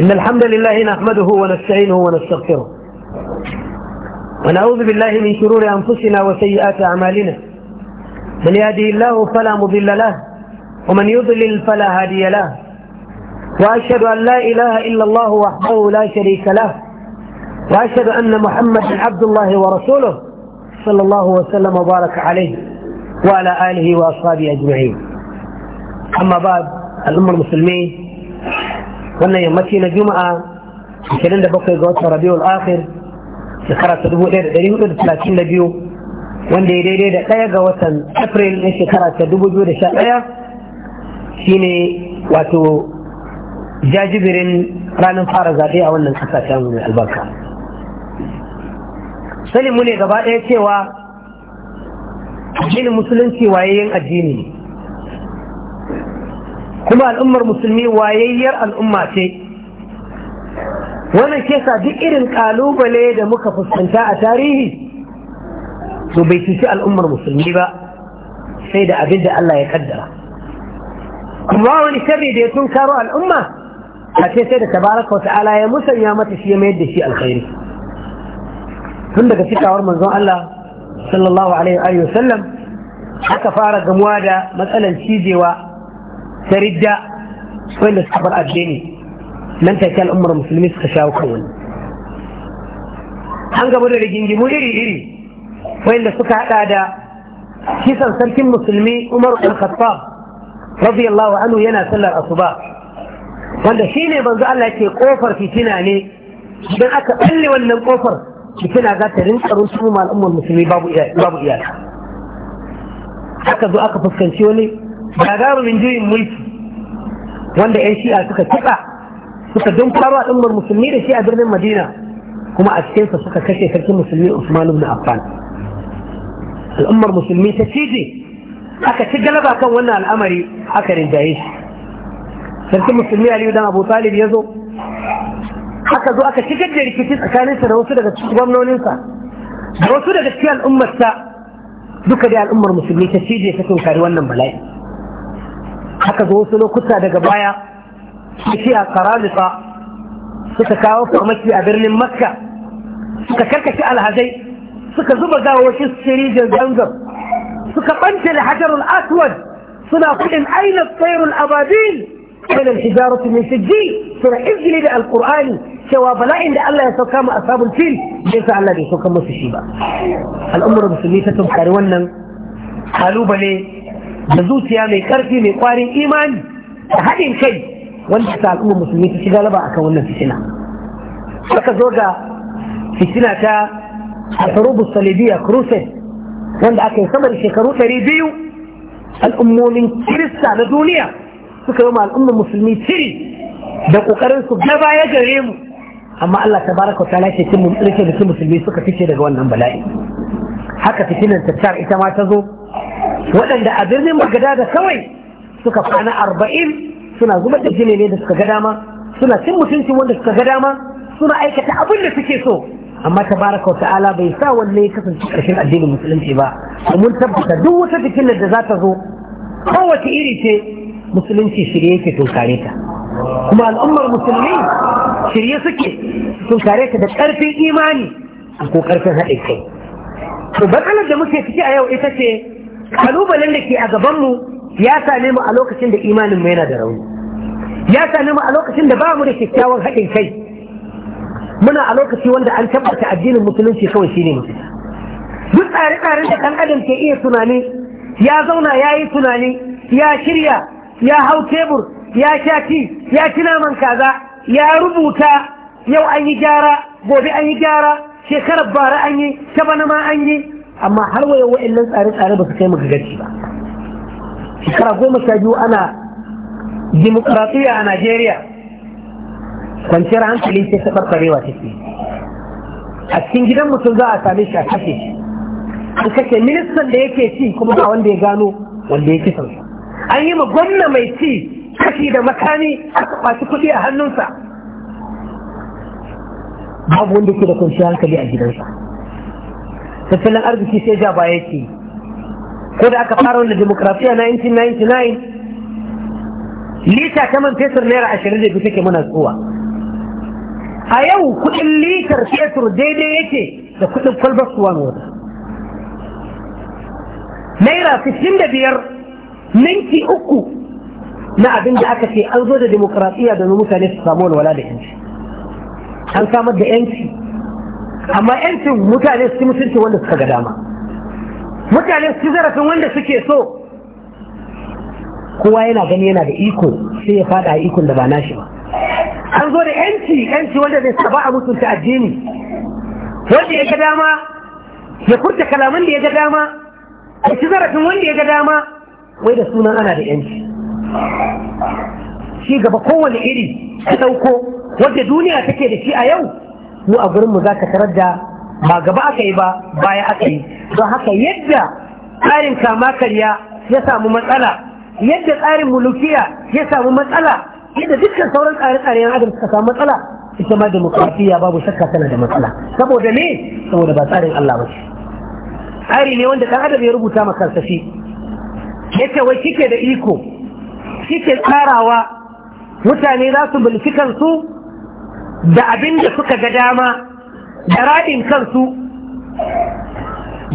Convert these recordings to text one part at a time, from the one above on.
إن الحمد لله نحمده ونستعينه ونستغفره ونعوذ بالله من شرور أنفسنا وسيئات أعمالنا من يهده الله فلا مضل له ومن يضلل فلا هادي له وأشهد أن لا إله إلا الله وحده لا شريك له وأشهد أن محمدا عبد الله ورسوله صلى الله وسلم وبارك عليه وعلى آله وأصحابه أجمعين أما بعد الأمة المسلمين wannan yammaci na juma'a 27 ga watan rabiul akhir shekara ta 1432 wanda ya daidai da ɗaya ga watan april na shekara ta 2011 shine wato jajibirin ranar fara zaɓe a wannan ƙasa ta mai albarka sanin mu ne gaba ɗaya cewa addinin musulunci waye yin addini ne kuma al'ummar musulmi wayayyar al'umma ce wannan ke sa duk irin kalubale da muka fuskanta a tarihi to bai cuci al'ummar musulmi ba sai da abin da Allah ya kaddara kuma wani sharri da ya tun karo al'umma a ce sai da tabaraka wa ta'ala ya musanya mata shi ya mayar da shi alkhairi tun daga cikawar manzon Allah sallallahu alaihi wa sallam aka fara gamuwa da matsalan cijewa تردى سؤال الصحابة الأجيني من تأتي الأمة المسلمة سخشا وكون هم قبل رجينجي مريري إري وإن سكا هذا كيسا سلك المسلمي عمر بن الخطاب رضي الله عنه ينا سلى الأصباء وإن شيني بنزو الله يكي قوفر في تناني بن أكا قلي وإن قوفر في تنا ذات رنسة رنسة مع الأمة المسلمة بابو إياه حكا ذو أكا فسكنشوني بأغار من جوي ملكي wanda 'yan shi'a suka kiɗa suka don a ɗummar musulmi da shi a birnin madina kuma a cikinsa suka kashe sarkin musulmi usman ibn affan al'ummar musulmi ta cije aka ci galaba kan wannan al'amari aka rinjaye shi sarkin musulmi aliyu dan abu talib ya zo aka zo aka shigar da rikici tsakaninsa da wasu daga cikin gwamnoninsa da wasu daga cikin al'ummarsa duka da al'ummar musulmi ta cije ta tunkari wannan bala'i Haka ga wasu lokuta daga baya a karalisa suka kawo farmaki a birnin makka suka karkashi alhazai suka zuba gawawakin sirijin zanzan suka ɓance da hajarul aswad suna kuɗin aina tsayarul ababil aina hijaratu mai sijji suna izini da alƙur'ani cewa bala'in da Allah ya sauka mu sabon fil bai sa Allah bai sauka musu shi ba al'ummar musulmi ta tunkari wannan kalubale da zuciya mai ƙarfi mai ƙwarin imani da haɗin kai wanda ta al'umma musulmi ta ci a akan wannan fitina suka zo ga fitina ta harubu salibiya crusade wanda aka yi sama da shekaru ɗari biyu al'ummomin kirista na duniya suka yi wa al'umma musulmi ciri da ƙoƙarin su na baya gare mu amma Allah ta baraka ta lashe cin musulmi suka fice daga wannan bala'i haka fitinan tattar ita ma ta zo waɗanda a birnin da kawai suka kwana arba'in suna zubar da jini ne da suka ga dama suna cin mutuncin wanda suka ga dama suna aikata abin da suke so amma tabaraka wa ta'ala bai sa wanne ya kasance ƙarshen addinin musulunci ba mun tabbata duk wata fitilar da za ta zo kowace iri ce musulunci shirye yake tunkare ta kuma al'ummar musulmi shirye suke tunkare ta da ƙarfin imani ko ƙarfin haɗin kai to da muke ciki a yau ita ce kalubalen da ke a gabanmu ya same mu a lokacin da imaninmu yana da rauni ya same mu a lokacin da ba mu da kyakkyawan haɗin kai muna a lokaci wanda an tabbata addinin musulunci kawai shine musulunci duk tsare-tsaren da ɗan adam ke iya tunani ya zauna ya yi tunani ya shirya ya hau tebur ya sha ci ya ci naman kaza ya rubuta yau an yi gyara gobe an yi gyara shekarar bara an yi ta bana ma an yi amma har waya wa'annan tsare-tsare ba su kai muka gaci ba shekara goma sha biyu ana dimokuraɗiyya a najeriya kwanciyar hankali sai ta take a cikin gidan mutum za a same shi a kashe an kashe ministan da yake ci kuma ba wanda ya gano wanda ya kisan an yi ma gwamna mai ci kashi da makami aka kwaci kuɗi a hannunsa babu wanda ke da kwanciyar hankali a gidansa tattalin arziki sai ja baya yake ko da aka fara wannan demokrasiya na 1999 lita ta man fetur naira ashirin da biyu take mana tsuwa a yau kudin litar fetur daidai yake da kuɗin kwalbar suwan wata naira sittin da biyar ninki uku na abin da aka ce an zo da demokrasiya domin mutane su samu walwala da yanci an samar da yanci amma yancin mutane su mutunci wanda suka ga dama mutane su zarafin wanda suke so kowa yana gani yana da iko sai ya fada ikon da ba nashi ba an zo da yanci yanci wanda zai saba a mutunta addini wanda ya ga dama ya furta kalaman da ya ga dama ya ci zarafin wanda ya ga dama wai da sunan ana da yanci shi gaba kowane iri ta ɗauko wadda duniya take da shi a yau mu a gurin mu ka tarar da ba gaba aka yi ba baya aka yi don haka yadda tsarin kama karya ya samu matsala yadda tsarin mulukiya ya samu matsala yadda dukkan sauran tsare-tsare yan adam suka samu matsala ita ma demokrasiya babu shakka tana da matsala saboda ne saboda ba tsarin Allah ba tsari ne wanda ɗan adam ya rubuta ma kansa shi yace wai kike da iko kike tsarawa mutane za su bulki kansu da abin da suka ga dama da raɗin kansu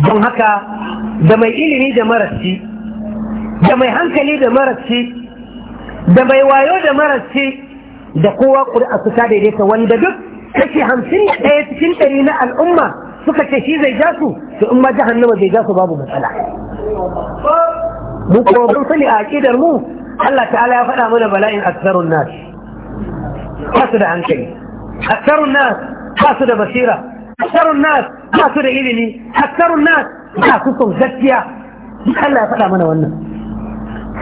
don haka da mai ilimi da marasci da mai hankali da marasci da mai wayo da marasci da kowa ƙuri'a su ta daidaita wanda duk kashi hamsin da ɗaya cikin ɗari na al'umma suka ce shi zai ja su to in ma jahannama zai ja su babu matsala mu kuma mun sani a aƙidar mu Allah ta'ala ya faɗa mana bala'in aksarun nas ba su da hankali أكثر الناس حاسد بشيرة أكثر الناس حاسد إلني أكثر الناس حاسد زكية الله يفعل من وانا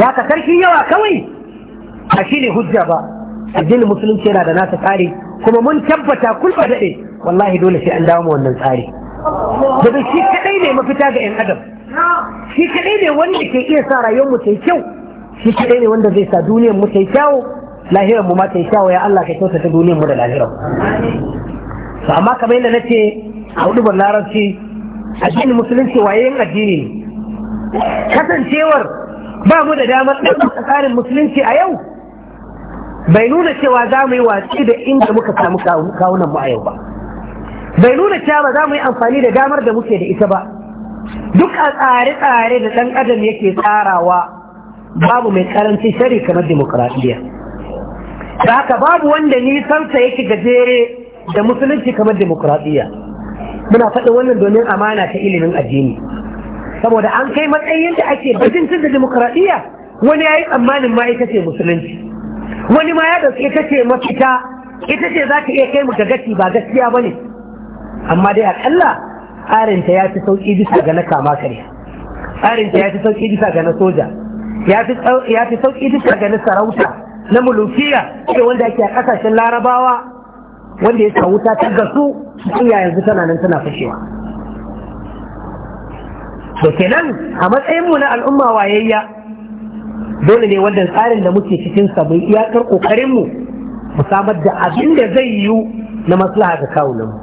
ذاك كرشي يوا كوي أشيني هجة با الدين المسلم شينا دنا تفاري كما من كبتا كل بدأ والله دولة شيء أن داوم وانا تفاري da bai shi kadai ne mafita ga 'yan adam shi kadai ne wanda ke iya sa rayuwar mu tai kyau shi kadai ne wanda zai sa duniyar mu tai kyau lahiran mu ma ta sha waya Allah ka kyautata duniyar mu da lahiran to amma kamar yadda nace a hudu ban larabci addinin musulunci wayayin addini ne kasancewar ba mu da damar ɗaukar tsakanin musulunci a yau bai nuna cewa za mu yi watsi da inda muka samu kawunan mu a yau ba bai nuna cewa ba za mu yi amfani da damar da muke da ita ba duk a tsare-tsare da ɗan adam yake tsarawa babu mai karancin shari kamar dimokuraɗiyya da haka babu wanda nisansa yake gajere da musulunci kamar demokuraɗiyya muna faɗi wannan domin amana ta ilimin addini saboda an kai matsayin da ake bajintar da demokuraɗiyya wani ya yi tsammanin ma ita ce musulunci wani ma ya ɗauki ita ce mafita ita ce za ta iya kai mu ga gaci ba gaskiya ba ne amma dai aƙalla tsarinta ya fi sauƙi bisa ga na kama karya tsarinta ya fi sauƙi bisa ga na soja ya fi sauƙi bisa ga na sarauta na mulukiya ke wanda ake a kasashen larabawa wanda ya sa wuta ta gasu iya yanzu tana nan tana fashewa da nan a mu na al'umma wayayya dole ne wannan tsarin da muke cikin sabon iyakar mu samar da abin da zai yiwu na maslaha ga kawunanmu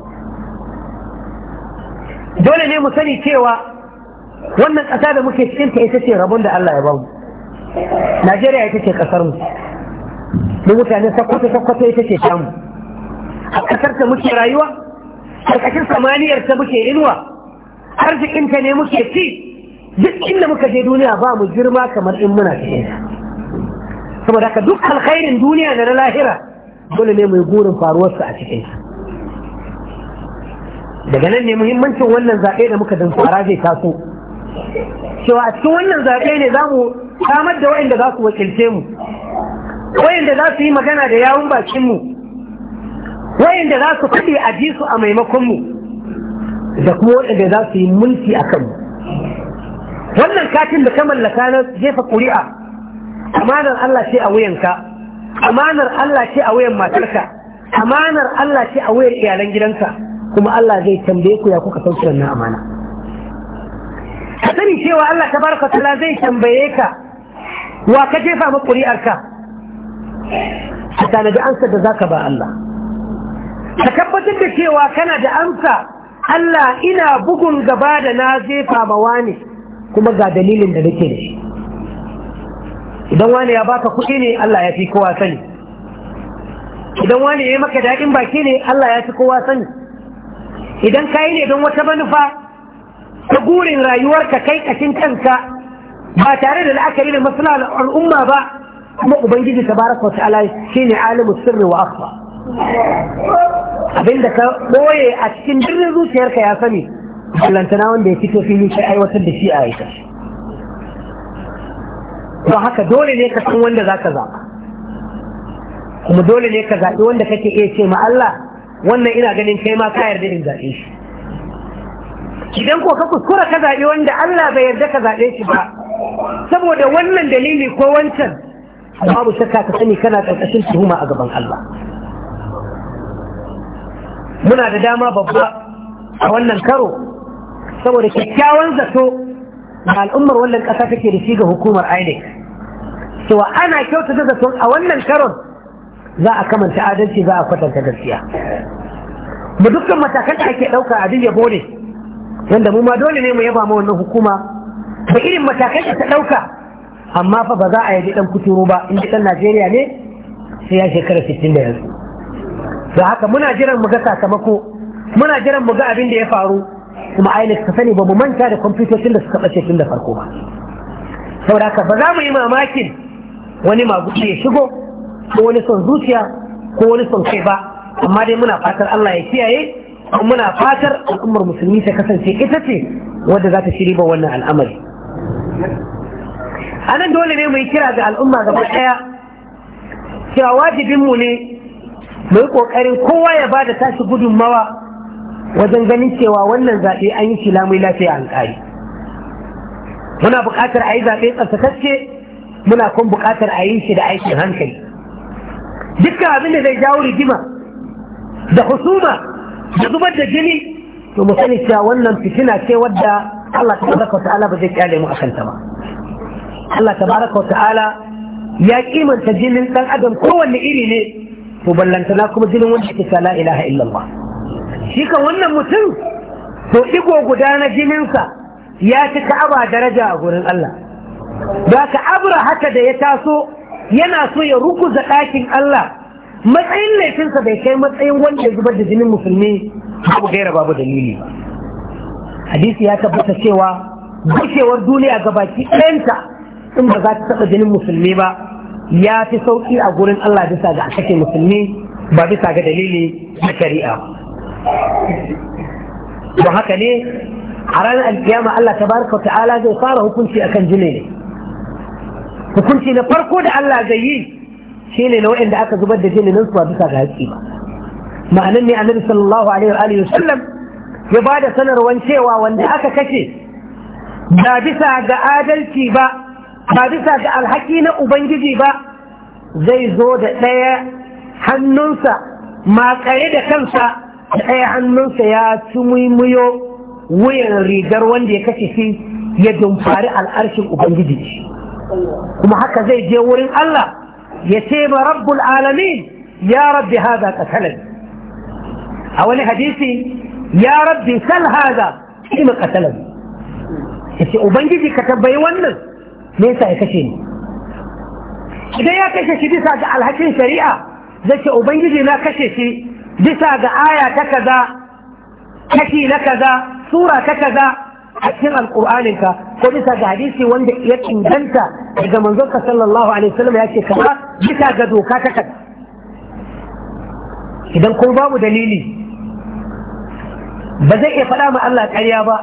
dole ne mu sani cewa wannan ƙasa da muke cikin ta ita ce rabon da Allah ya bamu Najeriya ita ce mu mu mutane sakkwato sakkwato ita ce samu a ƙasar ta muke rayuwa ƙarƙashin samaniyar ta muke inuwa arzikin ta ne muke ci duk inda muka je duniya ba mu girma kamar in muna ta cikin saboda haka duk alkhairin duniya da na lahira dole ne mai gurin faruwarsa a cikin daga nan ne muhimmancin wannan zaɓe da muka damfara zai taso cewa a cikin wannan zaɓe ne za mu samar da waɗanda za su wakilce mu wayanda za su yi magana da yawun bakinmu wayanda za su faɗi a ji su a maimakonmu da kuma waɗanda za su yi mulki a kanmu wannan katin da ka mallaka na jefa ƙuri'a amanar Allah ce a wuyanka amanar Allah ce a wuyan matarka amanar Allah ce a wuyan iyalan gidanka kuma Allah zai tambaye ku ya kuka sauke wannan amana ka sani cewa Allah tabaraka ta'ala zai tambaye ka wa ka jefa ma ƙuri'arka A tanadi ansa da ka ba Allah ka tabbatar da cewa kana da amsa Allah ina bugun gaba da na jefa ma wani kuma ga dalilin da nake da shi idan wani ya baka kuɗi ne Allah ya fi kowa sani idan wani ya yi maka daɗin baki ne Allah ya fi kowa sani idan ka yi ne don wata manufa ta gurin rayuwarka kai ƙashin kanka ba tare da la'akari da maslahar al'umma ba kuma ubangiji wata wa shi shine alimu sirri wa akwa abinda ka boye a cikin birnin zuciyarka ya sani lantana wanda ya fito fili sai aiwatar da shi a aika to haka dole ne ka san wanda zaka zaba kuma dole ne ka zaɓi wanda kake iya ce ma Allah wannan ina ganin kai ma ka yarda in zaɓe shi idan ko ka kuskura ka zaɓi wanda Allah bai yarda ka zaɓe shi ba saboda wannan dalili ko wancan babu shakka ka sani kana karkashin tuhuma a gaban Allah muna da dama babba a wannan karo saboda kyakkyawan zato da al'ummar wannan ƙasa take da shi ga hukumar INEC cewa ana kyautata zaton a wannan karon za a kamanta adalci za a kwatanta gaskiya Mu dukkan matakan da ake ɗauka a duk yabo ne wanda mu ma dole ne mu yaba ma wannan hukuma da irin matakan da ta ɗauka amma fa ba za a yi dan kuturu ba in dan Najeriya ne sai ya shekara 60 da yanzu da haka muna jiran mu ga sakamako muna jiran mu ga abin da ya faru kuma INEC ka sani ba mu manta da kwamfutocin da suka bace tun da farko ba saboda haka ba za mu yi mamakin wani maguɗi ya shigo ko wani son zuciya ko wani son kai ba amma dai muna fatar Allah ya kiyaye muna fatar al'ummar musulmi ta kasance ita ce wadda za ta shiri ba wannan al'amari a nan dole ne mu kira ga al'umma gaba ɗaya cewa wajibinmu ne mu yi ƙoƙarin kowa ya ba da tashi gudunmawa wajen ganin cewa wannan zaɓe an yi shi lamun lafiya an ƙari muna buƙatar a yi zaɓe tsaftatacce muna kun buƙatar a yi shi da aikin hankali dukkan abin da zai jawo rigima da husuma da zubar da jini to mu sani cewa wannan fitina ce wadda Allah ta ta'ala ba zai kyale mu a kanta ba Allah tabaraka wa ta'ala ya kimanta jinin dan adam kowanne iri ne to na kuma jinin wanda ke la ilaha illallah shi kan wannan mutum to digo guda na jininsa ya ci ka'aba daraja a gurin Allah Ba ka abura haka da ya taso yana so ya rukuza ɗakin Allah matsayin laifinsa bai kai matsayin wanda ya zubar da jinin musulmi babu gaira babu dalili hadisi ya tabbata cewa gushewar duniya ga baki ɗayanta in ba za ta taɓa jinin musulmi ba ya fi sauƙi a gurin Allah bisa ga a musulmi ba bisa ga dalili na shari'a don haka ne a ranar alkiyama Allah tabaraka wa ta'ala zai fara hukunci a kan jini ne hukunci na farko da Allah zai yi shi ne na waɗanda aka zubar da jini nan su ba bisa ga haƙƙi ba ma'anin ne annabi sallallahu alaihi wa sallam ya ba da sanarwar cewa wanda aka kashe ba bisa ga adalci ba ba bisa ga alhaki na ubangiji ba zai zo da ɗaya hannunsa makare da kansa da ɗaya hannunsa ya ci wuyan rigar wanda ya kashe shi ya dumfari al'arshin ubangiji kuma haka zai je wurin Allah ya ce ma rabbul ya rabbi haza qatalan a wani hadisi ya rabbi sal hada kima Ya ce ubangiji ka tabbai wannan me yasa ya kashe ni idan ya kashe shi bisa ga alhakin shari'a zai ce ubangiji na kashe shi bisa ga aya ta kaza kashi na kaza sura ta kaza a cikin alƙur'aninka ko bisa ga hadisi wanda ya inganta daga ka sallallahu alaihi wasallam ya ce kaza bisa ga doka ta kaza idan kuma babu dalili ba zai iya faɗa ma Allah ƙarya ba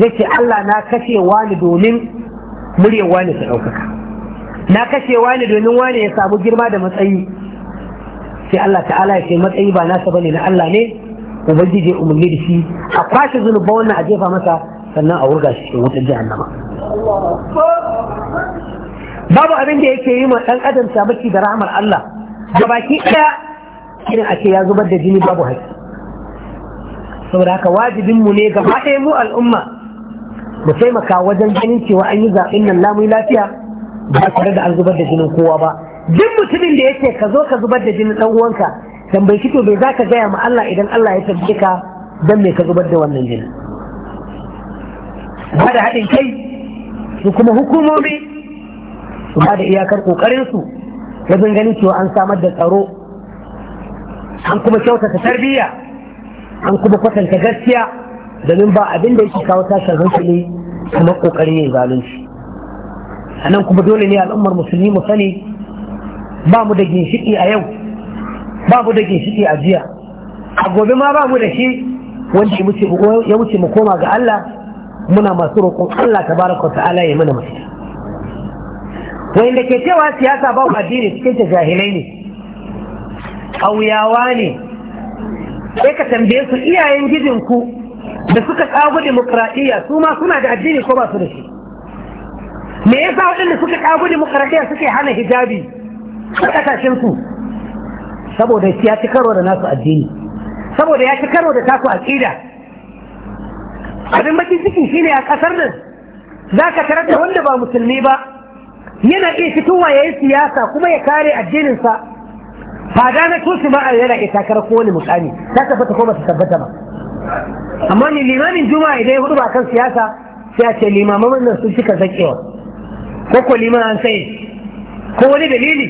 yace Allah na kashe wani domin muryar wani ta ɗaukaka na kashe wani domin wani ya samu girma da matsayi sai Allah ta'ala ya ce matsayi ba nasa bane na Allah ne ubangiji ya umarni da shi a kwashe zunuba wannan a jefa masa sannan a wurga shi wutar jahannama babu abin da yake yi ma dan adam shamaki da rahmar Allah ga baki ɗaya irin a ce ya zubar da jini babu haƙƙi saboda haka wajibinmu ne gaba ɗaya mu al'umma mu taimaka wajen ganin cewa an yi zaɓen nan lamu lafiya ba tare da an zubar da jinin kowa ba duk mutumin da yake ka zo ka zubar da jinin ɗan uwanka tambayi kito bai za ka gaya ma Allah idan Allah ya tambaye ka dan me ka zubar da wannan jinin ba da haɗin kai su kuma hukumomi su ba da iyakar ƙoƙarinsu wajen ganin cewa an samar da tsaro an kuma kyautata tarbiyya an kuma kwatanta gaskiya domin ba abin da yake kawo tashin hankali kuma kokari ne zalunci a nan kuma dole ne al'ummar musulmi mu sani ba mu da ginshiki a yau ba mu da ginshiki a jiya a gobe ma ba mu da shi wanda ya wuce mu koma ga Allah muna masu roƙon Allah ta baraka ta'ala ya mana mafita wanda ke cewa siyasa ba addini cikin ta jahilai ne auyawa ne sai ka tambaye su iyayen gidinku da suka kago demokradiyya su ma suna da addini ko ba su da shi me yasa waɗanda suka kago demokradiyya suke hana hijabi a ƙasashen su saboda ya ci karo da nasu addini saboda ya ci karo da taku aƙida abin bakin ciki shine a ƙasar nan za ka tarar da wanda ba musulmi ba yana iya fitowa ya yi siyasa kuma ya kare addininsa ba da na tosi ma yana iya takar kowane mukami ta tabbata ko ba ta tabbata ba amma ni limamin juma'a idan ya hudu ba kan siyasa sai a ce limaman nan sun cika sakewa ko ko liman an sai ko wani dalili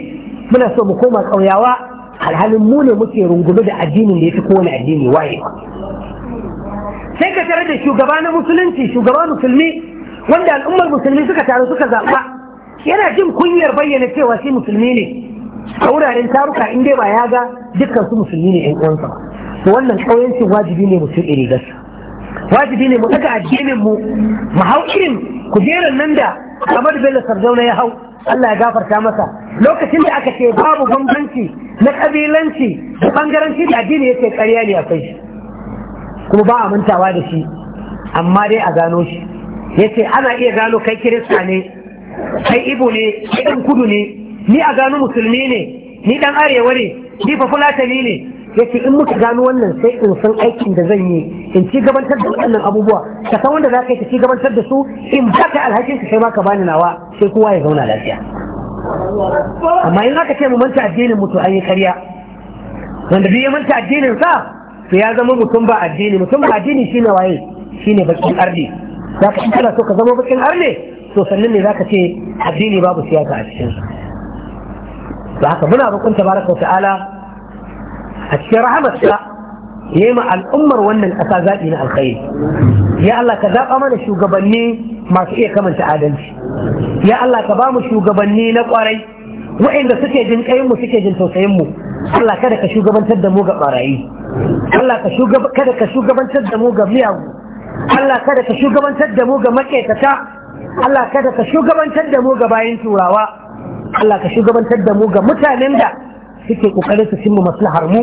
muna so mu koma ƙauyawa alhalin mu ne muke rungume da addinin da ya fi kowane addini waye sai ka tare da shugaba na musulunci shugaba musulmi wanda al'ummar musulmi suka taru suka zaɓa yana jin kunyar bayyana cewa shi musulmi ne a wuraren taruka in dai ba ya ga dukkan su musulmi ne 'yan uwansa wannan ƙauyancin wajibi ne mutum iri gasa wajibi ne mu daga addinin mu mu hau irin kujerar nan da Ahmadu Bello Sardauna ya hau Allah ya gafarta masa lokacin da aka ce babu bambanci na kabilanci da bangaranci da addini yake karya ne akwai shi kuma ba a mantawa da shi amma dai a gano shi yace ana iya gano kai kirista ne kai ibo ne kai dan kudu ne ni a gano musulmi ne ni ɗan arewa ne ni fafulatani ne yace in muka gano wannan sai in san aikin da zan yi in ci gabantar da waɗannan abubuwa ka san wanda za ka yi ka ci gabantar da su in ba ka alhakin sai kai ma ka bani nawa sai kowa ya zauna lafiya amma in aka ce mu manta addinin mutu an yi karya wanda duk ya manta addinin sa to ya zama mutum ba addini mutum ba addini shine waye shine bakin arne za ka kana so ka zama bakin arne to sannan ne za ka ce addini babu siyasa a cikin to haka muna roƙon tabaraka wa ta'ala a cikin rahamarsa ya ma al'ummar wannan ƙasa zaɓi na alkhairi ya Allah ka zaɓa mana shugabanni masu iya kamanta adalci ya Allah ka ba mu shugabanni na ƙwarai waɗanda suke jin mu suke jin tausayinmu Allah kada ka shugabantar da mu ga ɓarayi Allah kada ka shugabantar da mu ga miyagu Allah kada ka shugabantar da mu ga maƙetata Allah kada ka shugabantar da mu ga bayan turawa Allah ka shugabantar da mu ga mutanen da suke kokarin su cimma maslahar mu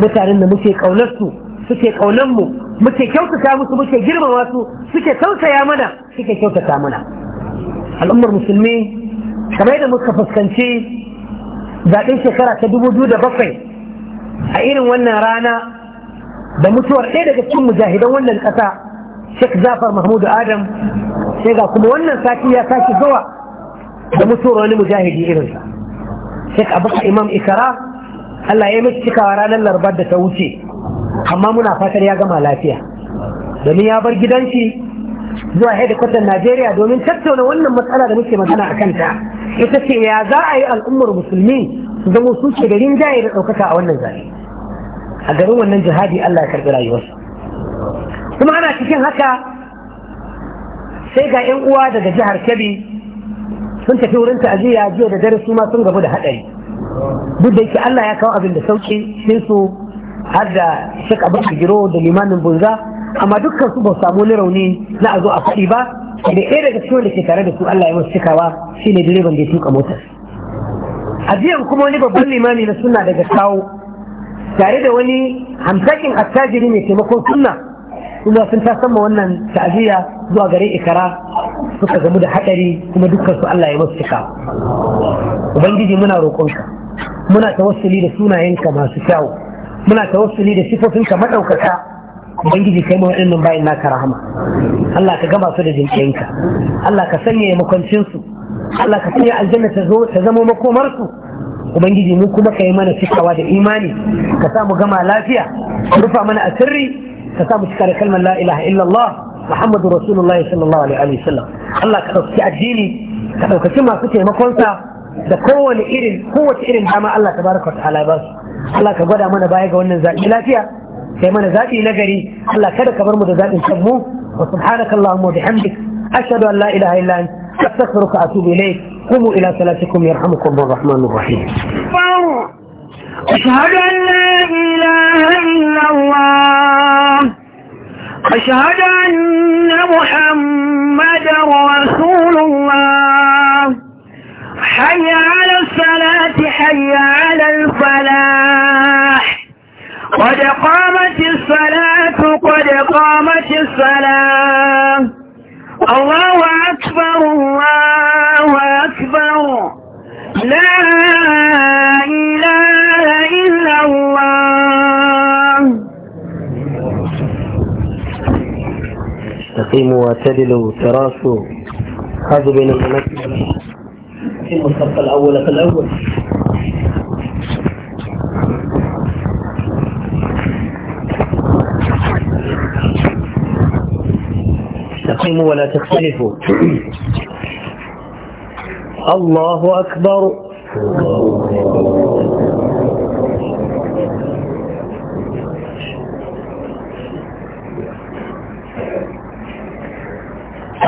mutanen da muke kaunar su suke kaunar mu muke kyautata musu muke girmama su suke tausaya mana suke kyautata mana al'ummar musulmi kamar yadda muka fuskanci zaɓen shekara ta dubu biyu da bakwai a irin wannan rana da mutuwar ɗaya daga cikin mujahidan wannan ƙasa Sheikh Zafar Mahmudu Adam sai ga kuma wannan sati ya tashi gawa da mutuwar wani mujahidi irinsa ka baka Imam Ikara Allah ya mace cikawa ranar Larabar da ta wuce amma muna fatar ya gama lafiya domin ya bar gidan shi zuwa hedikwatar Najeriya domin tattauna wannan matsala da muke magana a kanta ita ce ya za a yi al'ummar musulmi su zama su ke da rinjaye da ɗaukaka a wannan zane a garin wannan jihadi Allah ya karɓi rayuwarsa kuma ana cikin haka sai ga 'yan uwa daga jihar Kebbi sun tafi wurin ta'aziyya jiya da dare su ma sun gabu da haɗari duk da yake Allah ya kawo abin da sauki sun su har da Sheikh Abubakar Giro da limamin Bunza amma dukkan su ba samu wani rauni na a zo a faɗi ba da ɗaya daga cikin da ke tare da su Allah ya masu cikawa shine direban da ya tuka motar a kuma wani babban limami na sunna daga kawo tare da wani hamsakin attajiri mai taimakon sunna kuma sun ta sama wannan ta'aziyya zuwa gare ikara suka gamu da haɗari kuma dukkan su Allah ya masu cika ubangiji muna roƙonka muna tawassuli da sunayenka masu kyau muna tawassuli da sifofinka maɗaukaka ubangiji kai mawa ɗin bayan naka rahama Allah ka gama su da jinƙiyinka Allah ka sanya su Allah ka sanya aljanna ta zama makomarsu ubangiji mu kuma ka yi mana cikawa da imani ka samu gama lafiya rufa mana asirri ka samu cika da kalmar la ilaha illallah Muhammadu Rasulullahi sallallahu ka ɗauki addini ka ɗaukaci masu taimakonsa da kowane irin kowace irin dama Allah ta baraka Allah ka gwada mana baya ga wannan zaɓi lafiya kai mana zaɓi na gari Allah kada ka bar mu da zaɓin kan mu wa subhanaka allahumma wa bihamdik ashhadu an la ilaha illa anta astaghfiruka wa atubu ilayk قوموا ila صلاتكم يرحمكم الرحمن الرحيم أشهد أن لا إله إلا أشهد أن محمد رسول الله حي على الصلاة حي على الفلاح قد قامت الصلاة قد قامت الصلاة الله أكبر الله استقيموا وتدل تراس هذا بين المنكب في الصف الأول فالأول استقيموا ولا تختلفوا الله أكبر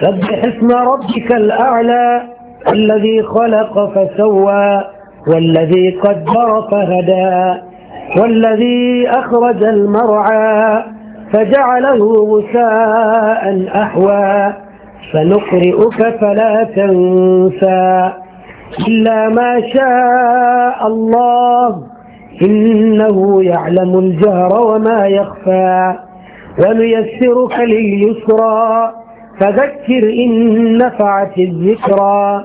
سبح اسم ربك الأعلى الذي خلق فسوى والذي قدر فهدى والذي أخرج المرعى فجعله غثاء أحوى سنقرئك فلا تنسى إلا ما شاء الله إنه يعلم الجهر وما يخفى ونيسرك لليسرى فذكر إن نفعت الذكرى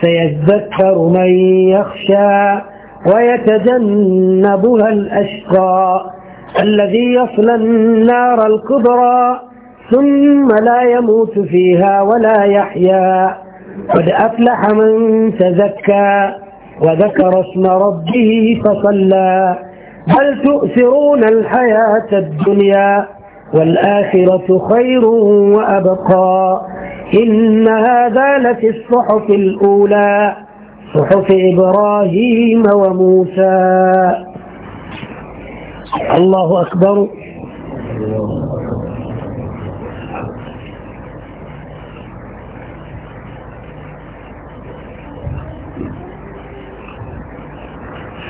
سيذكر من يخشى ويتجنبها الأشقى الذي يصلى النار الكبرى ثم لا يموت فيها ولا يحيا قد أفلح من تزكى وذكر اسم ربه فصلى بل تؤثرون الحياة الدنيا والآخرة خير وأبقى إن هذا لفي الصحف الأولى صحف إبراهيم وموسى الله أكبر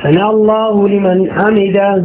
سمع الله لمن حمده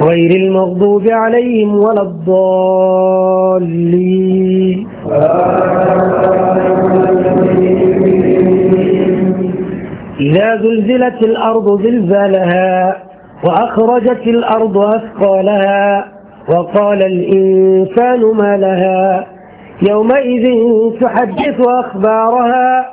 غير المغضوب عليهم ولا الضالين إذا زلزلت الأرض زلزالها وأخرجت الأرض أثقالها وقال الإنسان ما لها يومئذ تحدث أخبارها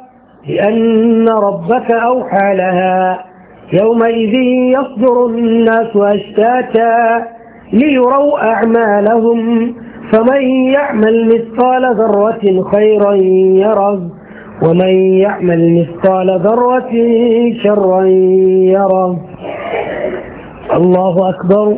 لأن ربك أوحى لها يومئذ يصدر الناس أشتاتا ليروا أعمالهم فمن يعمل مثقال ذرة خيرا يره ومن يعمل مثقال ذرة شرا يره الله أكبر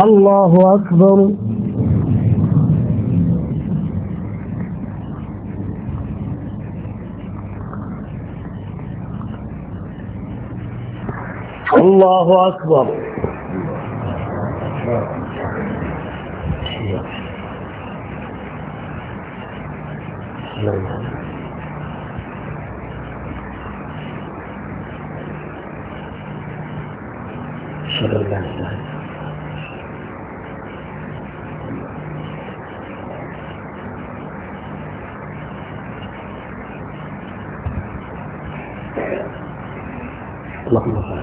الله أكبر الله أكبر أشهد أن الله اللهم صل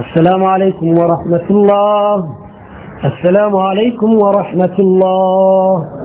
السلام عليكم ورحمة الله السلام عليكم ورحمة الله